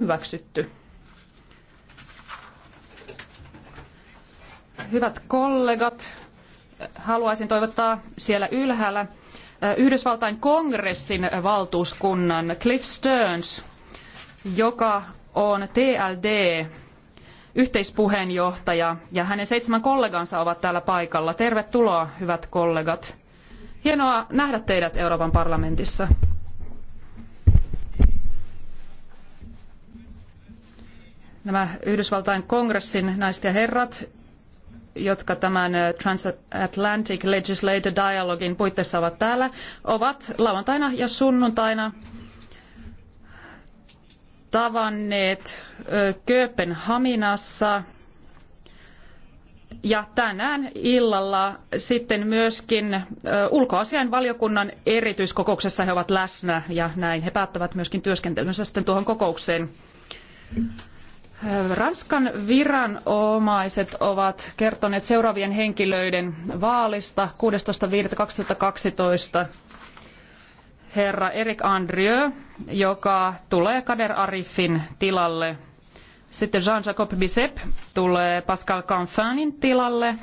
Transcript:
hyväksytty. Hyvät kollegat, haluaisin toivottaa siellä ylhäällä eh, Yhdysvaltain kongressin valtuuskunnan Cliff Stearns, joka on TLD yhteispuheenjohtaja ja hänen seitsemän kollegansa ovat täällä paikalla. Tervetuloa, hyvät kollegat. Hienoa nähdä teidät Euroopan parlamentissa. nämä Yhdysvaltain kongressin naiset ja herrat, jotka tämän äh, Transatlantic Legislative Dialogin puitteissa ovat täällä, ovat lauantaina ja sunnuntaina tavanneet äh, Kööpenhaminassa ja tänään illalla sitten myöskin äh, ulkoasiainvaliokunnan erityiskokouksessa he ovat läsnä ja näin he päättävät myöskin työskentelynsä sitten tuohon kokoukseen. Ranskan viranomaiset ovat kertoneet seuraavien henkilöiden vaalista 16.5.2012 herra Erik Andrieu, joka tulee Kader Arifin tilalle. Sitten Jean-Jacob Bisep tulee Pascal Canfanin tilalle.